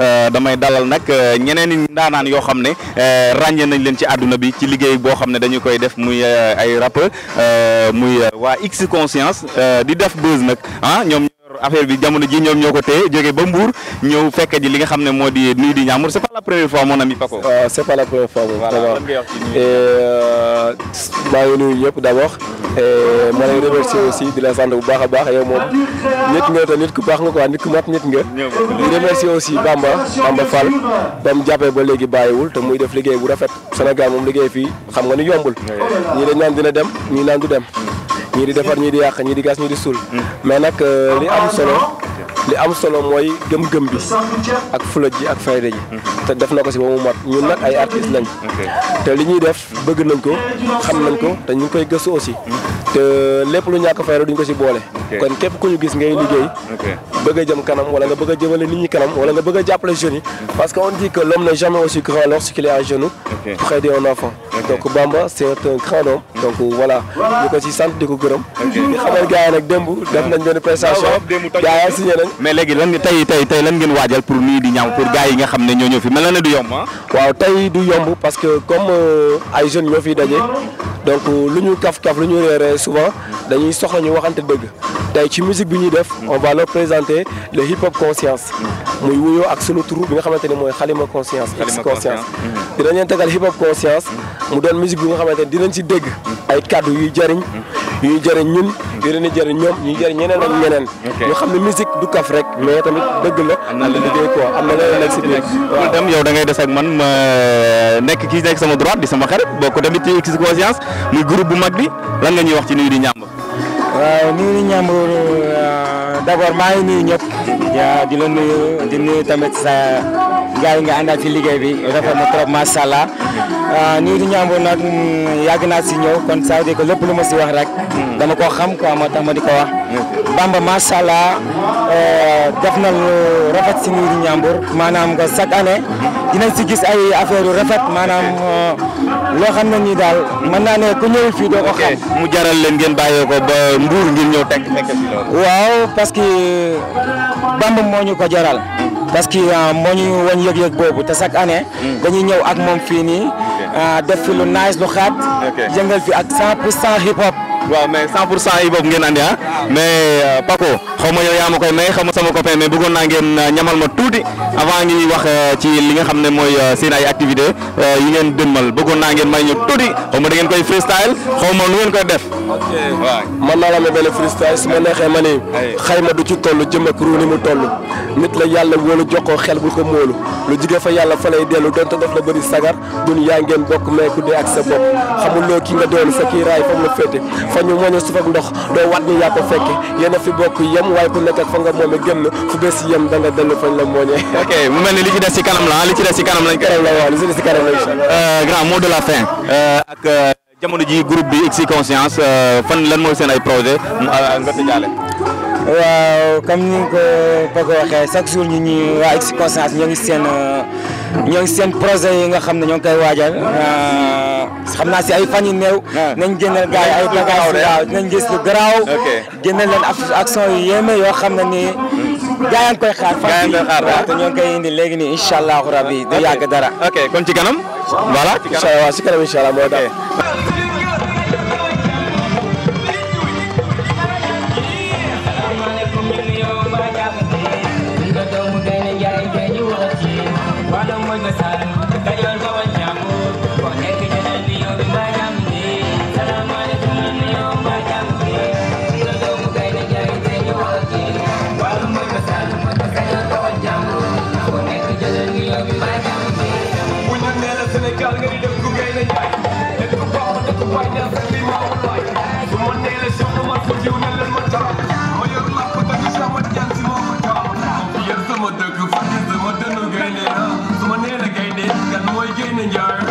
Euh, damay dalal nag euh, ñeneen ndaanaan yoo xam ne euh, ràññee nañ leen ci àdduna bi ci liggéey boo xam ne dañu koy def muy ay rappeur muy waa X conscience di def buzz nag ah, ñoom affaire bi jamono ji ñoom ñoo ko téye jóge ba Mbour ñëw fekk ji li nga xam ne moo di nuyu di Ndiambour c'est pas la première euh, la première fois moom. voilà lan ngay wax euh, maa ngi nuyu ñëpp d'abord. ma lay remercier aussi di la sant bu baax a baax yow moom nit nga te nit ku baax nga quoi nit ku mat nit nga. di remercier aussi Bamba Bamba Fall ba mu jàppee ba léegi bàyyiwul te muy def liggéey bu rafet Sénégal moom liggéey fi xam nga ni yombul. ñii dañ naan dina dem ñii naan du dem. ñii di defar ñi di yàq ñii di gas ñii di suul. mais nag euh, li am solo li am solo mooy gëm-gëm bi ak fula ji ak fayda ji. te def na ko si ba mu mat ñun nag ay artistes nañ te li ñuy def bëgg nañ ko xam nañ ko te ñu koy gëstu aussi. te lépp lu ñàkk fayda duñ ko ci boole. kon képp ku ñu gis ngay liggéey. bëgg a jëm kanam wala nga bëgg jëmale nit ñi kanam wala nga bëgg jàppale jeunes yi. parce que on dit que l'homme n'est jamais aussi grand lorsqu'il est à genoux. ok près d'un enfant. ko ci sant di ko gërëm. di xamal gars nag démb def nañ benn prestation. gars yi signé mais léegi lan tey tey tey lan ngeen waajal pour nii di ñaaw pour gars yi nga xam ne ñoo ñëw fi mel na ne du yomb ah. waaw tey du yomb parce que comme euh, ay jeunes ñoo fiy daje donc lu ñu kaf-kaf lu ñu reeree souvent dañuy soxla ñu waxante dëgg tey ci musique bi ñuy def on va leur présenter le hip hop conscience muy wuyoo ak sunu tur bi nga xamante ne mooy xalima conscience dina conscience mhm. dinañ leen tegal hip hop conscience mu doon musique bi nga xamante ne dinañ si dégg ay kàddu yuy jariñ yuy jëriñ ñun yu leen di jëriñ ñoom ñuy jëriñ ñeneen ak ñeneen ñu xam ne musique du kaf rek mais tamit dëgg la am na liggéey quoi am si biir yow da ngay ak man ma euh, nekk kii nekk sama droite di sama xarit bokk tamit ci X Conscience muy groupe bu mag bi lan nga ñuy wax ci nuyu di ñàmb waaw nuyu di ñàmb euh, d'abord maa ngi nuyu di la tamit sa gars yi nga àndal ci liggéey bi rafet na trop macha allah euh, nii di ñaambur nag mm, yàgg naa si ñëw kon ça veut dire lépp lu ma si wax rek. Hmm. dama ko xam quoi moo tax ma di ko wax. Bamba euh, na lu rafet maanaam nga chaque année si gis ay affaire yu rafet maanaam euh, loo xam ne nii daal mën naa ne ku ñëwul leen ngeen ba Mbour ngir ñëw tekk moo ñu ko jaral. parce que euh, moo ñu woon yëg-yëg boobu te sac année. Mm. dañuy ñëw ak moom fii nii. Euh, def fi lu nice lu xaat. yëngal fi ak 100 pour 100 hip hop. waaw mais 100 pour cent yi boobu ngeen andi ah. mais euh, Paco xaw ma yow yaa ma koy may xaw ma sama copain mais bëggoon naa ngeen euh, ñamal ma tuuti avant ñuy wax euh, ci li nga xam ne mooy seen ay activité yi ngeen dëmmal bëggoon naa ngeen may ñu tuuti xaw ma da ngeen koy freestyle xaw ma nu ngeen koy def. man waaw mën naa la amee benn su ma neexee ma ni. xayma du ci toll jëm ak ruu ni mu toll. nit la yàlla wóolu jox ko xel bu ko móolu lu jige fa yàlla fa lay dellu donte la bëri sagar dun yaa ngeen bokk mais ku sa bopp xamul loo sa kii raay fa ñu mooñu suuf ak ndox doo wat ñu yaa ko fekke yéen fi bokk yem waaye ku nekk ak fa nga moome génn fu bés yem da nga fañ la mooñee. ok mu mel ni li ci def ci kanam la li ci des ci kanam lañ koy. waaw li ci des ci kanam euh, de la fin. Euh, euh, jamono ji groupe bi X Conscience fan lan mooy seen ay projet nga si jaale. waaw comme ni nga ko chaque jour ñu ñi waa X Conscience ñoo ngi seen ñoo ngi seen projet yi nga xam ne ñoo ngi koy waajal. xam naa si ay fan yu néew. Ah. nañ génneel gars yi ay ah. bagages waaw dinañ gis lu garaaw. ok génneel leen action yu yéeme yoo xam ne nii. gaa yaa ngi koy xaar fan yii waaw te ñoo ngi koy indi léegi nii incha allahu rabi du yàgg dara. ok kon ci kanam. voilà incha allah si kanam incha allah moo tax. Sénégal nga di def ku gay na njaay def ku baax def ku baax ñaar fekk bi maa ma laaj su ma nee la si ma mat ko jiw ne leen ma taam ma yor làpp dëkk sama jaan si moo ma taam yar sama dëkk fàtte sama dënnu ah. ma nee la gaynde kan mooy gaynde